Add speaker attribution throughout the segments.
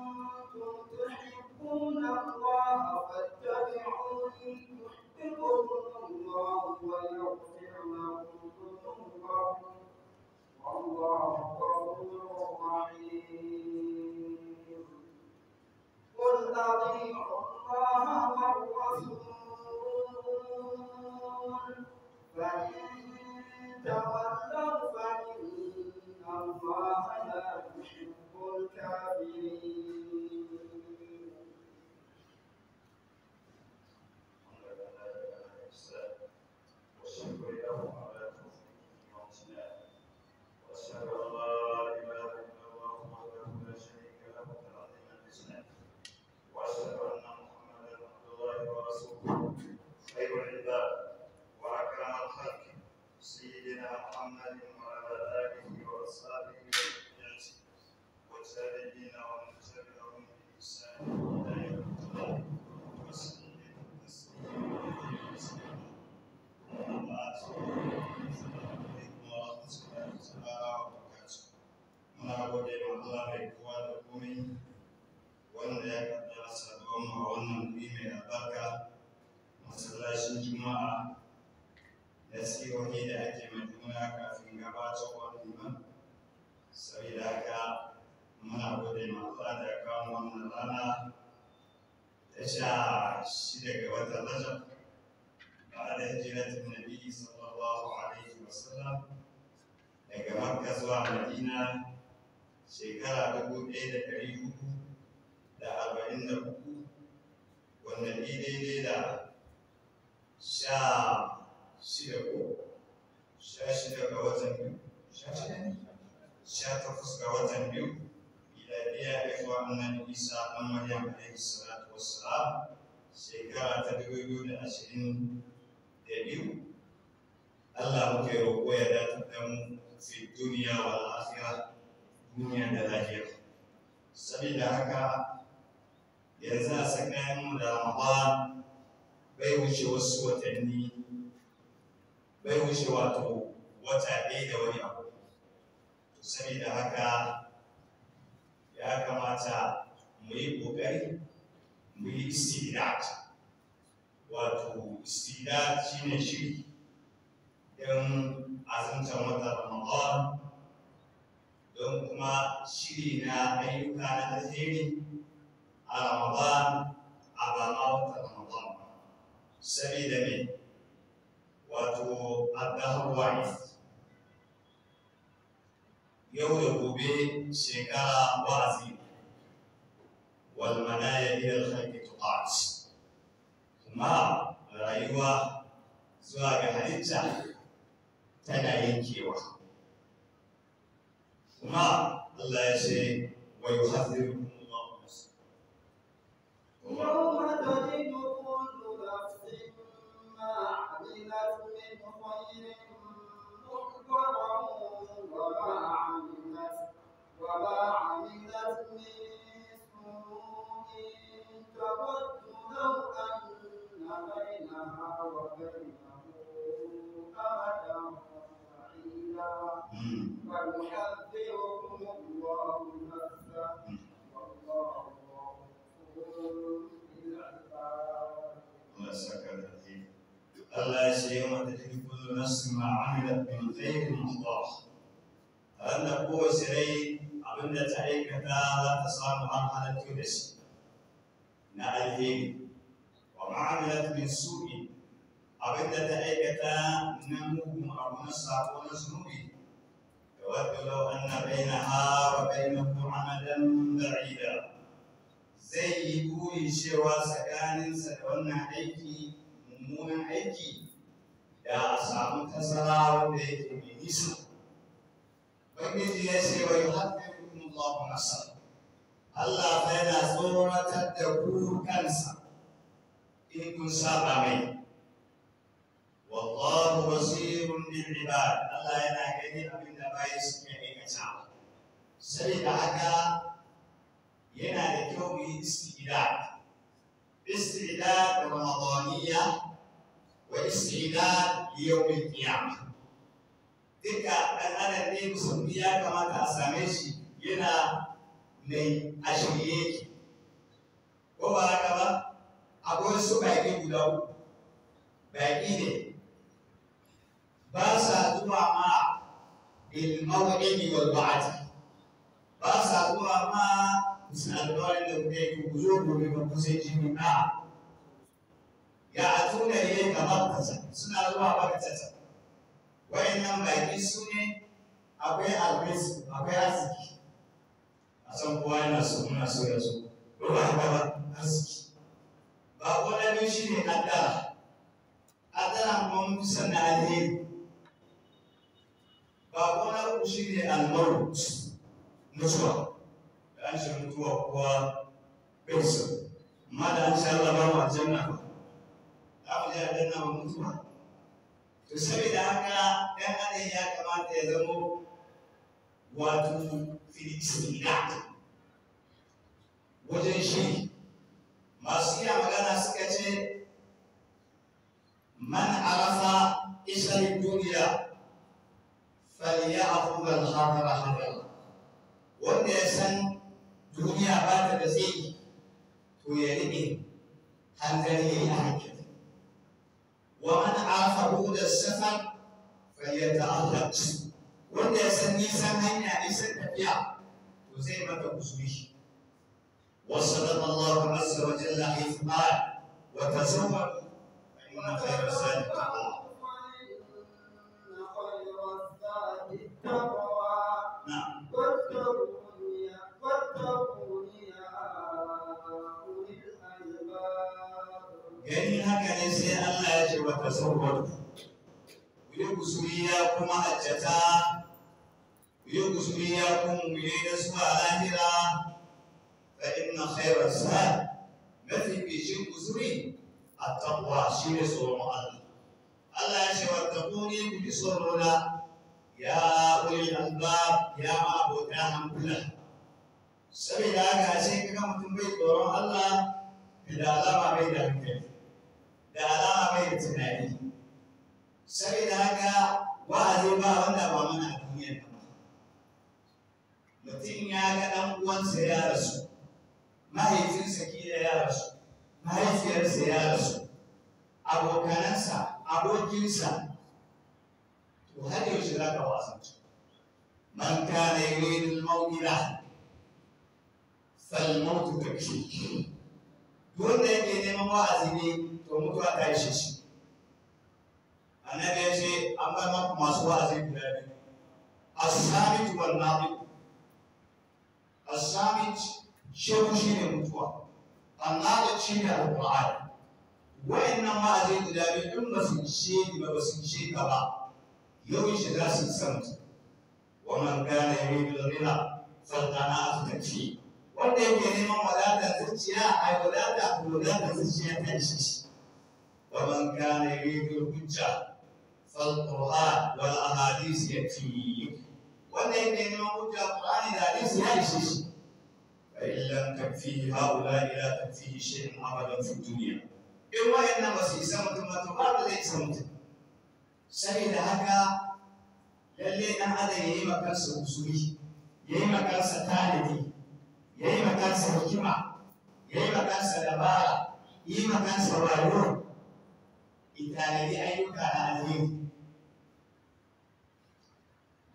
Speaker 1: كنتم تحبون الله فاتبعوني يحببكم الله ويغفر لكم ذنوبكم والله محمد وعلى آله وأصحابه وذريته والتابعين ومن تبعهم بإحسان إلى يوم القيامة وسلم تسليما أما السلام عليكم ورحمة
Speaker 2: الله تعالى وبركاته
Speaker 1: muna gode ma Allah
Speaker 2: mai kowa da komai wanda ya kaddara saduwa ma wannan wuri mai albarka masallacin juma'a nasihohi da ake majuna kafin gabatarwar liman saboda haka muna gode ma Allah da kawo wannan rana ta sha shida ga watan Rajab ba da hijiratin Nabi sallallahu alaihi sallam, daga Makka zuwa Madina shekara dubu ɗaya da ɗari uku da arba'in da uku wanda daidai da sha shida ko sha shida ga watan biyu sha shida ne watan biyu miladiya haihuwa annabi isa an maryam alaihi salatu wassalam shekara ta dubu biyu da ashirin da biyu Allah muke roƙo ya dace mu duniya duniya da lahira sabida haka yanzu a tsakanin da Ramadan bai wuce wasu watanni bai wuce wato wata ɗaya da wani abu saboda haka ya kamata mu yi ƙoƙari mu yi istidat wato istidat shi ne shi don azumtar wata ramadan don kuma shiri na ayyuka na alheri a ramadan a ba ma wata ramadan saboda me wato addahawa yau da gobe shekara wa'azi wal manaya ila al-khalqi tuqat kuma rayuwa zuwa ga halitta tana yankewa kuma Allah ya ce wa
Speaker 1: yuhadhirukum Allah kuma تود لو أن بينها وبينه أمدا بعيدا فيحذركم الله نفسه والله غفور بالعباد.
Speaker 2: الله سكت الله يوم كل نفس ما عملت من خير مطاح أن قوة سري عملت عليك aikata za ta samu an halattu da na alheri wa ma'amalat min su'i abinda ta aikata na mugun abu na sako na zunubi da wadda lau anna baina ha wa baina muhammadan ba'ida zai yi burin cewa tsakaninsa da wannan aiki mummunan aiki da a samu tasara wanda yake mai nisa ubangiji ya ce wa yuhaddirukum Allahu nasara الله بين سورة تكون كنسا إن كن سابع والله بصير للعباد الله ينا كثير من نبايس كمين سابع
Speaker 1: سيد حكا
Speaker 2: ينا لكيوم استعداد استعداد رمضانية واستعداد ليوم القيامة تلك أن أنا لي مسميها كما تأسميشي ينا mai a shirye yake ko ba haka ba akwai wasu baƙi guda uku baƙi ne ba sa zuwa ma bil mawqidi wal ba'd ba sa zuwa ma sun alƙawarin da kuke yi ku zo gobe ba ku sai jini a ya tuna ne kamar kasa suna zuwa bakatata wayannan baƙi su ne akwai albisu akwai arziki a san kowa yana so muna so ya so ruwa ba arziki ba wani shi ne kaddara kaddara kuma mun fi sanna alheri ba wani uku shi ne almarut mutuwa da an shi mutuwa kuwa bai amma da an sha Allah ba mu janna ba za mu je aljanna ba mutuwa to saboda haka dan adam ya kamata ya zamo wato filistiyawa
Speaker 1: wajen shiri
Speaker 2: masu iya magana suka ce man arafa isar duniya faliya abubuwan hatara hatara wanda ya san duniya ba ta da zai to ya riƙe hankali ya yi a hankali ومن عاقبه السفر فليتعلق wanda ya san nisan hanya nisan tafiya to zai maka kuskure وصدق الله عز وجل حيث قال وتزودوا فإن خير الزاد
Speaker 1: التقوى نعم gani haka ne sai Allah ya ce wata
Speaker 2: saboda ku yi kusuriya kuma hajjata yau ya kun mummune na zuwa lahira fa inna khairar sa mafi bishin uzuri a takwa shi ne tsoron Allah Allah ya ce wa takuni ku ji tsorona ya ulil albab ya ma abota hankula saboda haka sai kaga mutum bai tsoron Allah da alama bai da hankali tunani haka wa'azi ba wanda ba mana mutum ya ga ɗan uwansa ya rasu mahaifinsa kila ya rasu mahaifiyarsa ya rasu abokanansa abokinsa to har yaushe za ka wasanci man kana yuridul mawqila fal mawtu kafi dole ne neman wa'azi ne to mutuwa ta yi shi annabi ya ce an ba bar masu wa'azi guda biyu as-samitu wal nadiq as-samit shehu shine mutuwa annada shine al-qur'an wayannan ma'azai guda biyu in ba su ishe ni ba ba su ishe ka ba yawan za su isa mutum wa man kana yuridu rina fardana azkafi wanda yake neman wadata zuciya ai wadata wadata zuciya ta shi wa man kana yuridu hujja فالقرآن والأحاديث neman وأنا إني نقول القرآن إذا ليس يعيش فإن لم تكفيه هؤلاء لا تكفيه شيء أبدا في الدنيا إن وإن مسيح سمت ما تقال لي سمت سهل هكا للي أن هذا يهيم كنسة وصولي يهيم كنسة تالدي يهيم كنسة حكمة يهيم كنسة دبارة يهيم كنسة وعيون إتالدي أيوك على الهيم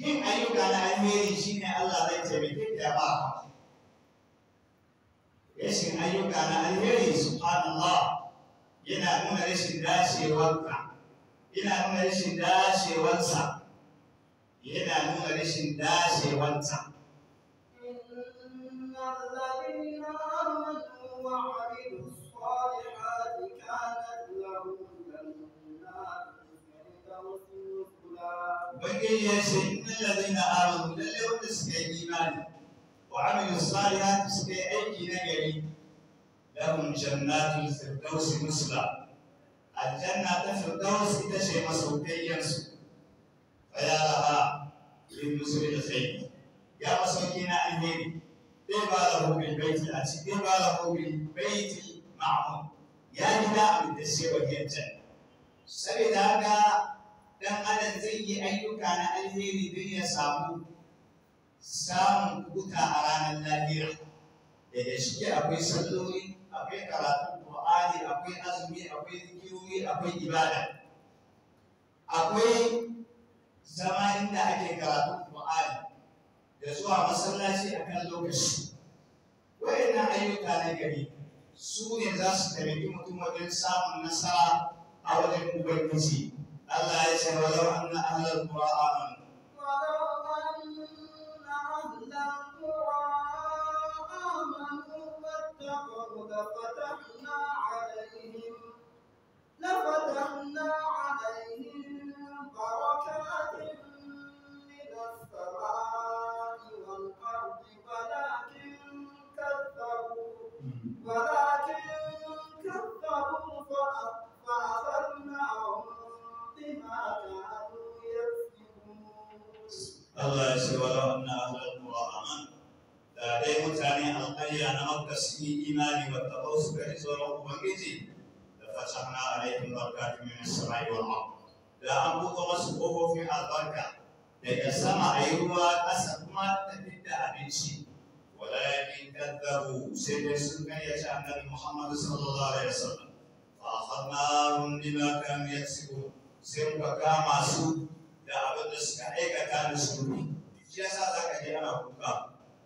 Speaker 2: yin ayyuka na alheri shine Allah zai taimake ka ya ba rashin ayyuka na alheri subhanallah yana nuna rashin dacewarka yana nuna rashin dacewarsa yana nuna rashin dacewarsa
Speaker 1: Bakin ya ce,
Speaker 2: "Ina lalina abu, lalle wanda suka yi imani." وعملوا الصالحات في أيكي نجري لهم جنات الفردوس نسلا الجنة الفردوس تشي مسوكي ينسو فيا لها من نسل الخير يا مسوكينا اهلين كيف له بالبيت الأتي كيف له بالبيت المعمور يا لنا من تشي وهي الجنة سبب هذا لم adam zai yi ayyuka na alheri samun kuta a ranar lafiya shi ke akwai salloli akwai karatun qur'ani akwai azumi akwai zikirori akwai ibada akwai zama da ake karatun qur'ani da zuwa masallaci a kan lokaci wayannan ayyuka na gari su ne za su taimaki mutum wajen samun nasara a wajen ubangiji Allah ya ce walau anna ahlal qur'ana
Speaker 1: وفتحنا عليهم بركات من السماء والأرض ولكن كذبوا ولكن كذبوا فأخذناهم بما كانوا يكسبون. الله يسلمك أن
Speaker 2: أهل القرى آمنوا. da dai mutane alƙarya na makka sun yi imani wata fatahna alaikum barakatun min as-sama'i wal ard da an buɗe masu ƙofofin albarka daga sama ayi ruwa ƙasa kuma ta fidda abinci walakin kadzabu sai dai sun gayyace annabi Muhammad sallallahu alaihi wasallam fa akhadnahum bima kanu yaksibun sai muka kama su da abin da suka aikata da su shi yasa za ka je ana kuka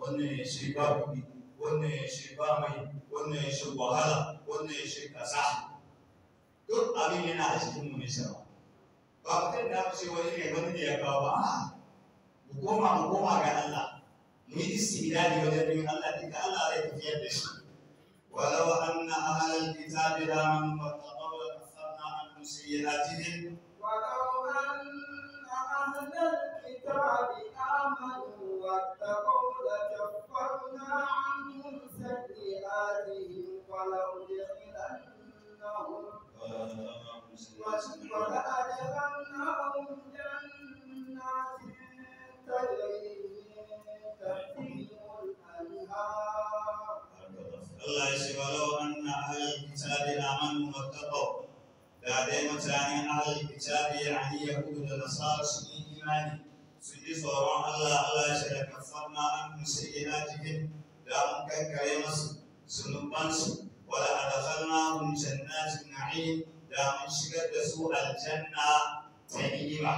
Speaker 2: wannan ya ce ba kuɗi wannan ya ce ba mai wannan ya ce wahala wannan ya ce kaza duk abin yana a cikin mu ne sarwa ba ku da ce wani ne wani ne ya kawo ba koma mu koma ga Allah mu yi wajen Allah duka Allah zai tafiyar shi
Speaker 1: ولو أن أهل الكتاب آمنوا واتقوا لكفرنا عنهم سيئاتهم ولو أن أهل الكتاب آمنوا واتقوا لكفرنا عنهم سيئاتهم ولو
Speaker 2: وأدخلناهم
Speaker 1: جنات تجري من تحتهم الأنهار Allah ya ce walau
Speaker 2: Na ahlul kitabi amanu wattaqu
Speaker 1: da dai mutane ahlul kitabi ya yahudu da nasara
Speaker 2: su yi imani su yi tsoron Allah Allah ya shiga da kafarna an musayyidatihim da mun kankare masu zunubansu wala adkhalnahum jannatin na'im da mun shigar da su aljanna ta ni'ima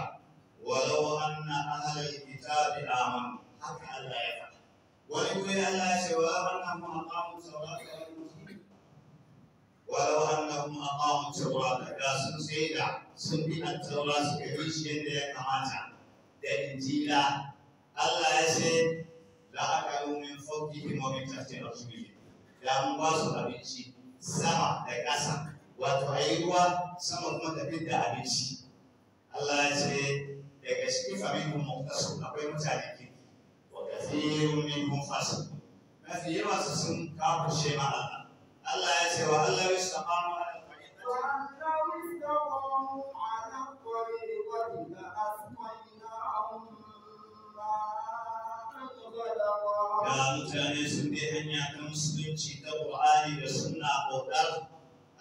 Speaker 2: walau anna ahlal kitabi amanu haka Allah ya faɗa wani wuri Allah ya ce wa annahum aqamu salata wal muslimin walau annahum aqamu salata da sun saida sun bi at-taura su ga shi yadda ya kamata da injila Allah ya ce la akalu min fawqihim wa min tahti arjulihim da mun ba su abinci sama da ƙasa wato a yi ruwa sama kuma ta da abinci Allah ya ce daga shi famin muktasu akwai mutane ke wa kasirun minhum fasiq mafi yawa su sun kafirce ma Allah
Speaker 1: Allah ya ce wa Allah ya samamu ala Da mutane sun bi
Speaker 2: hanya ta musulunci ta Buhari da suna ƙoƙar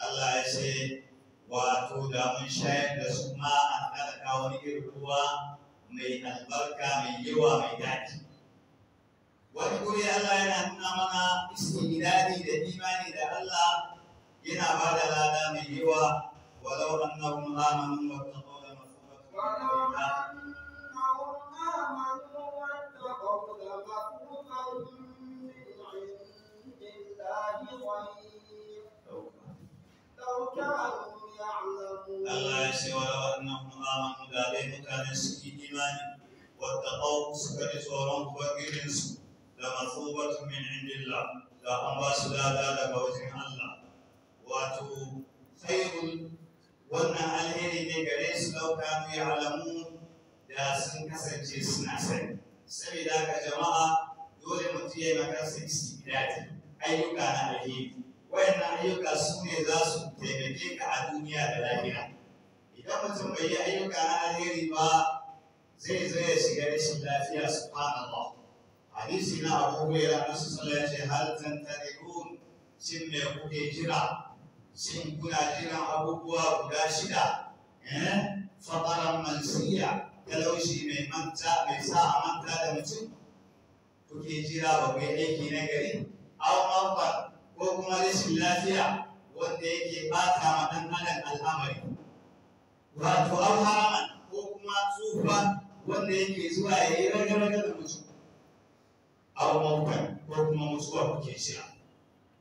Speaker 2: Allah ya ce wato da mun shayar da su ma an kada wani irin ruwa mai albarka mai yawa mai daɗi wani guri Allah yana nuna mana istidadi da imani da Allah yana ba da lada mai yawa
Speaker 1: walau annahum amanu wa taqaw la maghfiratun wannan jama'a dole na
Speaker 2: Thank you. na ayyuka su ne za su taimake ka a duniya da lahira idan mutum bai yi ayyuka na alheri ba zai zo ya shiga rashin lafiya su ba hadisi na abu hurairah an su sallah ce tare tantarihun shin me kuke jira shin kuna jiran abubuwa guda shida eh fataran mansiya talaushi mai sa a manta da mutum kuke jira ba kai aiki na gari aw ko kuma rashin lafiya wanda yake bata ma dan adam al'amari wato au haraman ko kuma tsufa wanda yake zuwa ya yi raga-raga da mutum au mautan ko kuma mutuwa kuke shira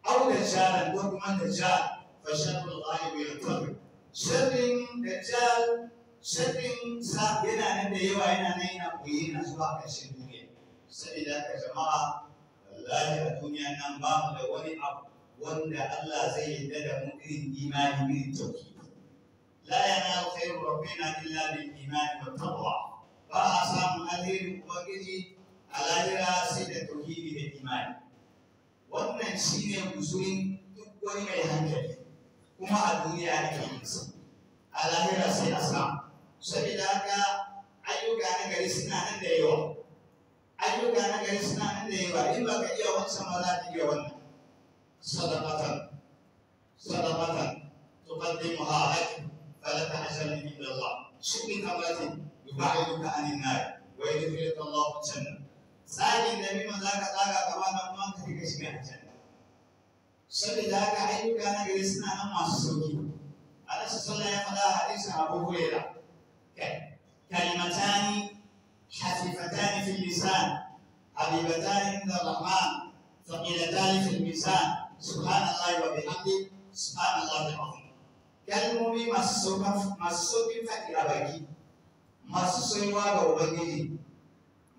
Speaker 2: au da sharan ko kuma da sha fashan al'ayi bai tabi shirin da jal shirin sa yana nan da yawa yana nan yana koyi yana zuwa ƙarshen duniya saboda haka jama'a wallahi a duniya nan ba mu da wani abu wanda Allah zai yarda da mu irin imani irin tauhid la yanalu khairu rabbina illa bil imani wat taqwa ba a samu kuma ubangiji a lahira sai da tauhidi da imani wannan shine guzurin duk wani mai hankali kuma a duniya ake yin sa a lahira sai a samu saboda haka ayyuka na gari suna nan da yawa ayyuka na gari suna nan da yawa in baka iya wancan ba za ka iya wannan sadaqatan sadaqatan tuqaddimuha hajj فلا تحزن إلا الله شك من أمرة يبعدك عن النار ويدخلك الله الجنة ثاني النبي من ذاك ذاك كما نقوم كتك شبه الجنة سبب ذاك عينك أنا جلسنا أنا مع السوكي أنا صلى الله عليه وسلم حديث أبو هريرة كلمتان حفيفتان في الميزان حبيبتان عند الرحمن ثقيلتان في الميزان سبحان الله وبحمده سبحان الله العظيم كالمومي مسوك مسوك فكر بكي مسوك وابو بكي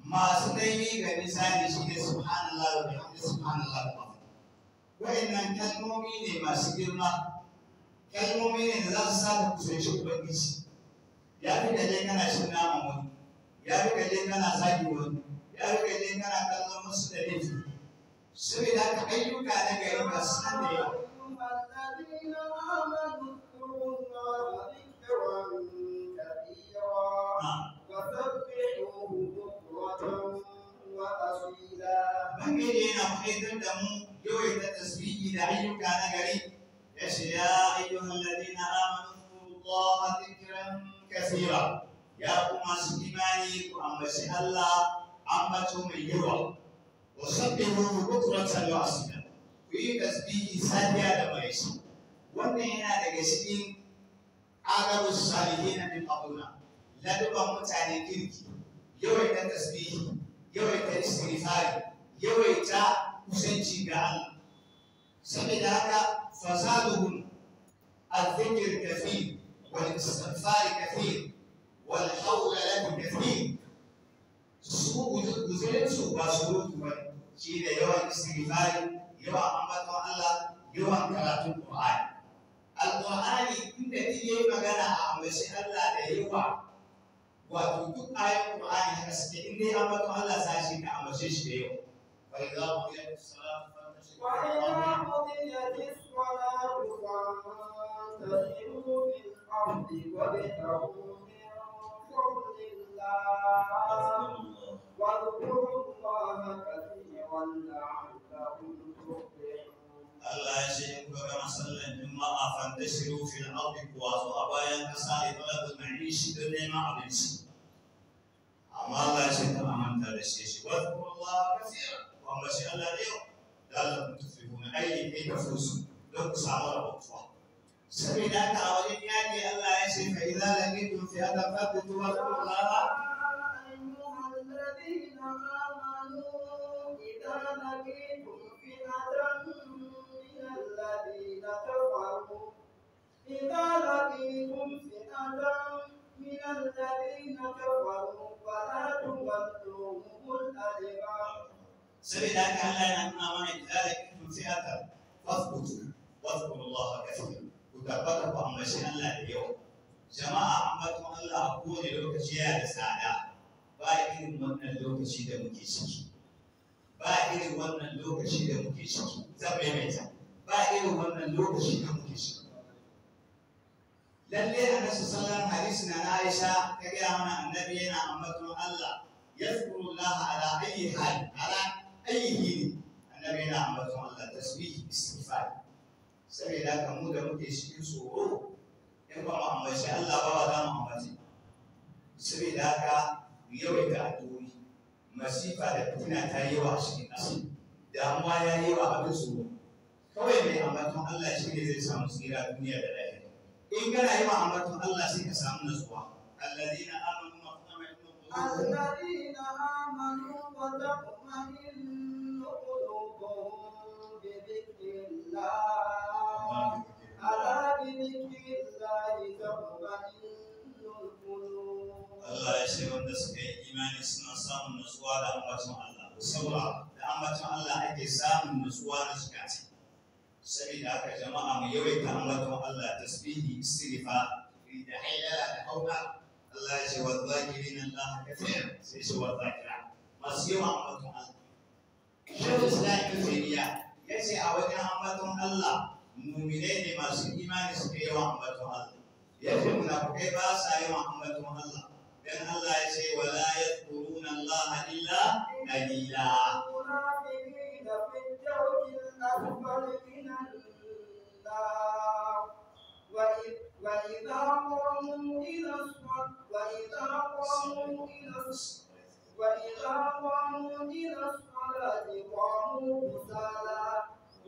Speaker 2: مسوك كميزان شيء سبحان الله وبحمده سبحان الله العظيم وإن كالمومي لمسكرنا كالمومي لنزل سابق سيشوك بكي يا بني دينا نشرنا نعم ممكن ya rika je kana zagi wani ya rika je kana kallon musu da laifi saboda haka ayyuka na gari ba su nan da
Speaker 1: yawa Bangare yana faɗin da
Speaker 2: mu yawaita tasbihi da ayyuka na gari ya ce ya ayyuhan ladina amanu Allah dhikran kaseera ya kuma su imani ku ambaci Allah ambato mai yawa wa sabbihu bukratan wa asila ku yi tasbihi safiya da maraice wannan yana daga cikin agaru salihin min qabluna laduban mutane kirki yawaita tasbihi yawaita istighfari yawaita kusanci ga Allah saboda haka fasaduhum al-dhikr kafi wal istighfar musulunci ba surutu ba shi ne yawan istighfari yawan ambaton Allah yawan karatun Qur'ani Al-Qur'ani inda take magana a ambaci Allah da yawa wato duk ayan Qur'ani haka suke in dai ambaton Allah sashi ka ambace shi da yawa fa idza qila as-salatu
Speaker 1: وإذا قضيت الصلاة فانتشروا في الأرض وابتغوا من فضل واذكروا الله كثيرا لعلكم Allah ya ce in kuka gama sallar juma'a fantashiru fil ardi ku watsu a bayan kasa ibadatu ma'ishi don neman abinci amma Allah ya
Speaker 2: ce ta manta da shi shi wasu Allah kasira ku ambaci Allah da yau da Allah mutu fi kuma aiki ne ka fusu don ku samu rabuwa saboda haka a wajen yaƙi Allah ya ce fa idza laqitum fi'atan faddu wa qullaha
Speaker 1: إذا لقيتم من الذين فلا الله أن أمانة ذلك
Speaker 2: فئة فاثبتوا واذكروا الله كثيرا gaba ka ku ambaci Allah da yau jama'a ambaton Allah a kowane lokaci ya da tsada ba irin wannan lokaci da muke ciki ba irin wannan lokaci da muke ciki zan maimaita ba irin wannan lokaci da muke ciki lalle a nasu sallan hadisi na Aisha ta gaya mana annabi yana ambaton Allah ya yadkuru Allah ala ayyi hal ala ayyi annabi yana ambaton Allah tasbih istighfar saboda haka mu da muke cikin tsoro in ba mu ambaci Allah ba ba za mu ambaci saboda haka mu yawaita addu'o'i masifa da tuna ta yi yawa a cikin ƙasa damuwa ya yi yawa abin tsoro kawai mai ambaton Allah shi ne zai samu tsira duniya da lahira in kana yi wa ambaton Allah sai ka samu natsuwa
Speaker 1: الذين آمنوا وطمئن الذين آمنوا وتطمئن قلوبهم بذكر الله ala bi dhikrillahi tatma'innul qulub Allah ya ce
Speaker 2: wanda suka yi imani suna samun nutsuwa da ambaton Allah saboda da ambaton Allah ake samun nutsuwa na zukati Sabida haka jama'a mu yawaita ambaton Allah tasbihi sirifa, da hayyala da hauka Allah ya ce wa dhakirina Allah kathira sai shi wa dhakira masu yawan ambaton Allah Shaidu Islam Ibn ya ce a wajen ambaton Allah muminai ne masu imani suka yi wa ambaton Allah
Speaker 1: ya fi munafukai ba sa
Speaker 2: yi wa ambaton Allah
Speaker 1: dan Allah ya ce wala
Speaker 2: yadkuruna
Speaker 1: Allah illa qalila وإذا قاموا إلى الصلاة وإذا قاموا إلى الصلاة وإذا قاموا إلى الصلاة قاموا كسالى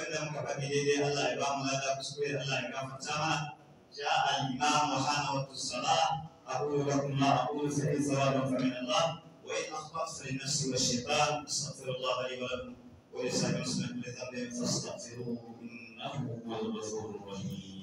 Speaker 2: abin da muka faɗi daidai Allah ya ba mu lada kuskure Allah ya gafarta mana ja al-imam wa hana wa tusala aqulu lakum ma aqulu fa in sawaban fa min Allah wa in akhta'tu fa li nafsi wa shaytan astaghfirullah li wa lakum wa li sa'il muslimin li dhanbihim fastaghfiruhu innahu huwal ghafurur rahim